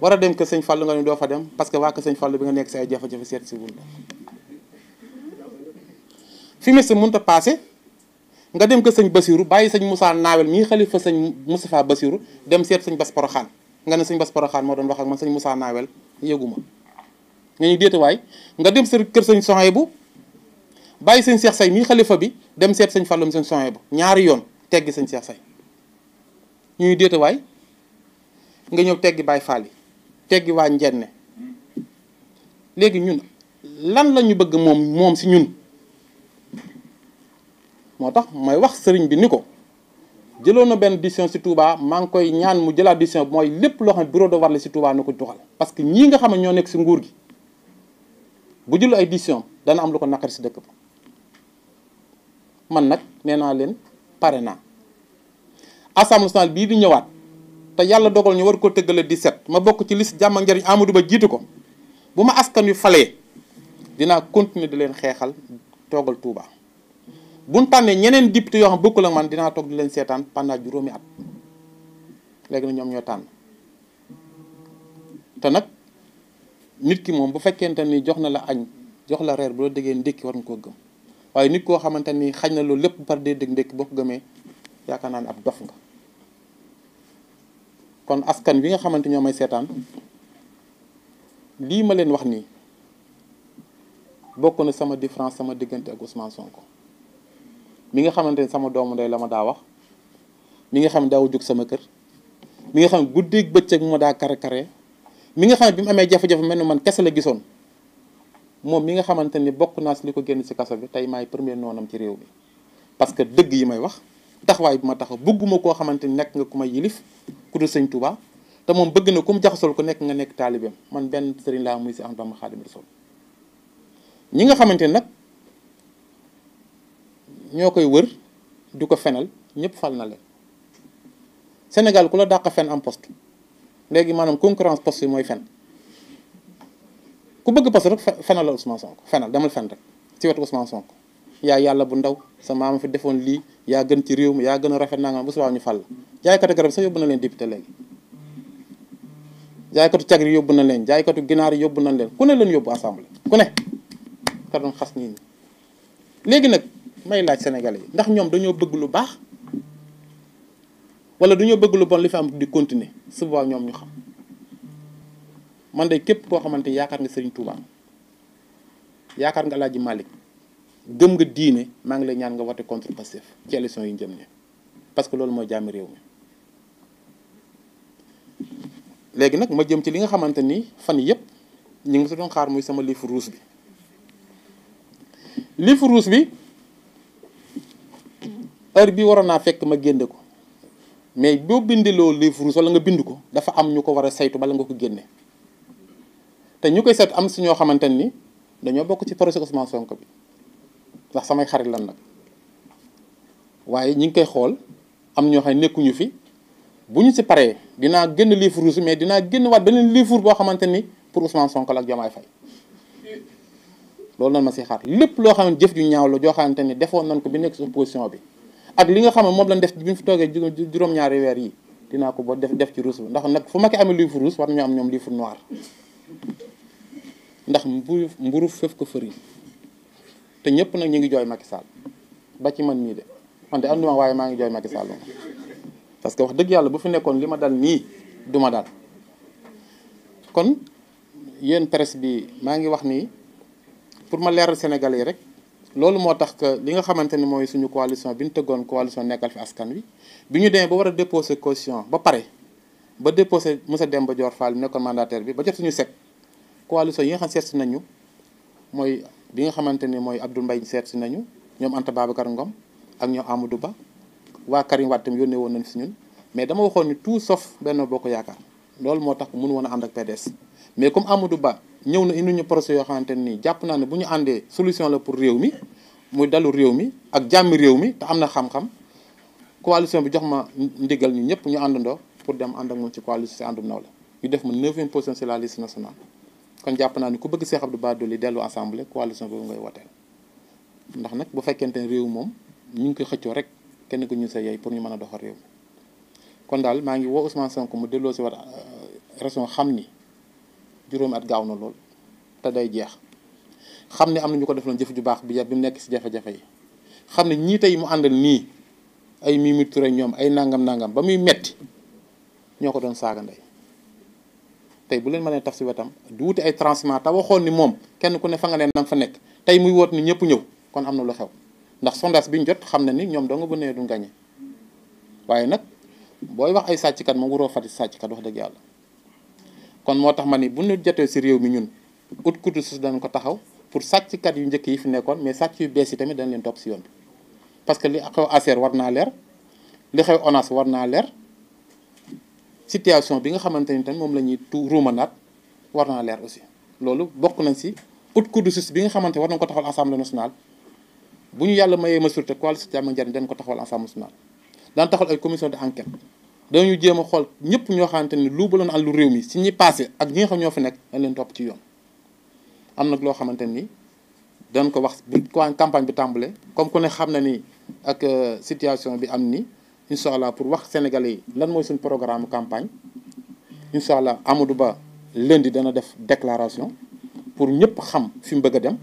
war a dem kër sëñ Fallou nga ne doo fa dem parce que waa kër sëñ Fallou bi nga nekk si ay jafe-jafe seet si wul fi mu se a paase. nga dem ko sañ Basiru bàyyi sëñ Moussa Naawel mii xalifa sañ Moustapha Basiru dem seet sañ Bas Poroxaan nga ne sañ Bas Poroxaan moo doon wax ak man sëñ Moussa Naawel yëguma nga ñu déetuwaay nga dem sa kër sëñ Sohaybu bàyyi sëñ Seex Say mii xalifa bi dem seet sëñ Fallum sëñ Sohaybu ñaari yoon teggi sañ Seex Say ñuy déetuwaay nga ñëw teggi Baay Faal yi teggi waa Njenne léegi ñun lan la ñu bëgg moom moom si ñun moo tax may wax sëriñ bi ni ko jëloon na benn décision si Touba maa ngi koy ñaan mu jëlaat décision mooy lépp loo xam ne bureau de war la si Touba na ko doxal parce que ñii nga xam ne ñoo nekk si nguur gi bu jëlu ay décision dana am lu ko naqari si dëkk ba nag nee naa leen pare naa assemblée nationale bii di ñëwaat te yàlla dogal ñu war ko tëggale 17 ma bokk ci liste jàmm ak njariñ Amadou Ba jiitu ko bu ma askan wi falee dinaa continuer di leen xeexal toogal Touba. bu ñu tànnee ñeneen député yoo xam bokkul ak man dinaa toog di leen seetaan pendant juróomi at léegi na ñoom ñoo tànn te nag nit ki moom bu fekkente ni jox na la añ jox la reer bu la déggee ndékki war nga koo gëm waaye nit koo xamante nii xaj na loolu lépp par dee dégg ndékki boo ko gëmee yaakaar naa ni ab dof nga kon askan bi nga xamante ñoo may seetaan lii ma leen wax nii bokk na sama différence sama diggante ak Ousmane Sonko mi nga xamante ni sama doomu ndey la ma daa wax mi nga xam ne daaw jóg sama kër mi nga xam ne guddeeg bëccëg mu ma daa kare kare mi nga xam ne bi mu amee jafe mel ni man kese la gisoon moom mi nga xamante ni bokk naa si li ko génn si kaso bi tey maay premier noonam ci réew mi parce que dëgg yi may wax taxawaay bi ma taxaw bëgguma koo xamante ni nekk nga ku may yilif ku dul sëñ Tuubaa te moom bëgg na ku mu jaxasol ko nekk nga nekk taalibeem man benn sëriñ laa muy si am dama Xaadimu Rasuul ñi nga xamante ni nag ñoo koy wër du ko fenal ñëpp fal na leen Sénégal ku la dàq fen am poste léegi maanaam concurrence poste yi mooy fen ku bëgg poste rek fenal la Ousmane Sonko fenal demal fen rek ci wetu Ousmane sonk yaa yàlla bu ndaw sa maama fi defoon lii yaa gën ci réew mi yaa gën a rafet nangam bu subaa ñu fal la jaaykatu garab sax yóbbu na leen député léegi jaaykatu cagri yóbbu na leen jaaykatu ginaar yóbbu na leen ku ne leen yóbbu assemblée ku ne ka doon xas nag may laaj Sénégalais yi ndax ñoom dañoo bëgg lu baax wala dañoo bëgg lu bon li fi am di continuer su ñoom ñu xam man de képp koo xamante yaakaar nga Serigne Touba yaakaar nga Alaaji Malick gëm nga diine maa ngi lay ñaan nga voté contre Pastef ci élection yi jëm ne parce que loolu mooy jàmmi réew mi léegi nag ma jëm ci li nga xamante ni fan yëpp ñu ngi si doon xaar muy sama livre rouge bi livre ruus bi. heure bi waroon naa fekk ma génne ko mais boo bindeloo livre rouge wala nga bind ko dafa am ñu ko war a saytu bala nga ko génne te ñu koy set am si ñoo xamante ni dañoo bokk ci projet Ousmane Sonko bi ndax samay xarit lan nag waaye ñi ngi koy xool am ñoo nekkuñu fi bu ñu si paree dinaa génn livre rouge mais dinaa génn waat beneen boo xamante ni pour Ousmane Sonko la ak Diomaye Faye loolu nan ma si xaar lépp loo xam ne jëf ju ñaaw la joo xamante ni defoon nañ ko bi nekk si opposition bi ak li nga xam ne moom lañ def bi ñu fi toogee juróom-ñaari weer yi dina ko ba def def ci ruus bi ndax nag fu ma ko amee livre rouge war nañu am ñoom livre noir ndax mburu mburu ko fëriñ te ñëpp nag ñu ngi jooy Macky Sall ba ci man mii de man de anduma waaye maa ngi jooy Macky Sall parce que wax dëgg yàlla ba fi nekkoon li ma dal nii du ma dal kon yéen presse bi maa ngi wax nii pour ma leeral Sénégalais yi rek. loolu moo tax que li nga xamante ne mooy suñu coalition bi ñu tëggoon coalition nekkal fi askan wi bi ñu demee ba war a déposé caution ba pare ba déposé Moussa dem Dior Fall nekkoon mandataire bi ba jot suñu set coalition yi nga xam seet nañu mooy bi nga xamante ni mooy Abdoul Mbaye seet si nañu ñoom Anta Babacar Ngom ak ñoom Amadou Ba waa Karim wat tam yónnee woon nañ si ñun mais dama waxoon ni tout sauf Benno Bokk Yaakaar loolu moo tax mënu woon a ànd ak PDS mais comme Amadou Ba ñëw na indi ñu procès yoo xamante nii jàpp naa ne bu ñu àndee solution la pour réew mi muy dalu réew mi ak jàmmi réew mi te am na xam-xam coalition bi jox ma ndigal ñu ñëpp ñu àndandoo pour dem ànd ak moom ci coalition si àndum nawle ñu def ma neuvième position sur la liste nationale kon jàpp naa ni ku bëgg Cheikh Abdou Bara Dolly dellu assemblée coalition boobu ngay woteel ndax nag bu fekkente ne réew moom ñu ngi koy xëccoo rek kenn ku ñu sa yey pour ñu mën a doxal réew mi kon daal maa ngi woo Ousmane Sonko mu delloo si war euh, raison xam ni juróomi at gaaw na lool te day jeex xam ne am na ñu ko defaloon jëf ju baax bi bi mu nekk si jafe-jafe yi xam ne ñii tey mu àndal nii ay Mimi ñoom ay nangam nangam ba muy metti ñoo ko doon saaga ndey tey bu leen mënee taf si wetam du wuti ay transiment te waxoon ni moom kenn ku ne fa nga ne na fa nekk tey muy woot ni ñëpp ñëw kon am na lu xew ndax sondage bi ñu jot xam na ni ñoom doo nga bu nee duñ gagné waaye nag booy wax ay sàcckat moom waroo fati sàcckat wax dëgg yàlla. kon moo tax ma ni bu ñu jotee si réew mi ñun ut kutu suuf dañ ko taxaw pour sàcckat yu njëkk yi fi nekkoon mais sàcc yu bees yi tamit dañ leen topp si yoon parce que li xew ASER war naa leer li xew ONAS war naa leer situation bi nga xamante ni tamit moom la ñuy tu ruumanaat war naa leer aussi loolu bokk nañ si ut kutu suuf bi nga xamante war nañ ko taxawal assemblée nationale bu ñu yàlla ma majorité coalition Jàmm ak Njariñ dañ ko taxawal assemblée nationale daan taxawal ay commission de enquête dañu jéem a xool ñëpp ñoo xamante ni lu baloon lu réew mi si ñi passé ak ñi nga xam ñoo fi nekk dañ leen topp ci yoon am nag loo xamante ni dañ ko wax bi campagne bi tàmbale comme ku ne xam na ni ak euh, situation bi am ni incha allah pour wax sénégalais yi lan mooy seen programme campagne incha allah Amadou Ba lundi dana def déclaration pour ñëpp xam fi mu bëgg a dem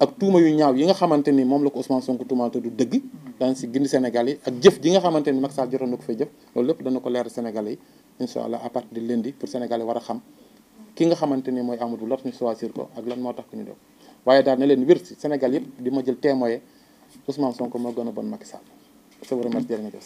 ak tuuma yu ñaaw yi nga xamante ni moom la ko Ousmane Sonko tuumaal te du dëgg daan si gindi Sénégal yi ak jëf ji nga xamante ni Macky Sall jotoon na ko fay jëf loolu lépp dana ko leeral Sénégalais yi incha allah à partir di lundi pour Sénégalais war a xam ki nga xamante ni mooy Amadou lot ñu choisir ko ak lan moo tax ku ñu doog waaye daal na leen wér si Sénégal yëpp di ma jël témoin Ousmane Sonko moo gën a bon Macky Sall je vous remercie jërë nga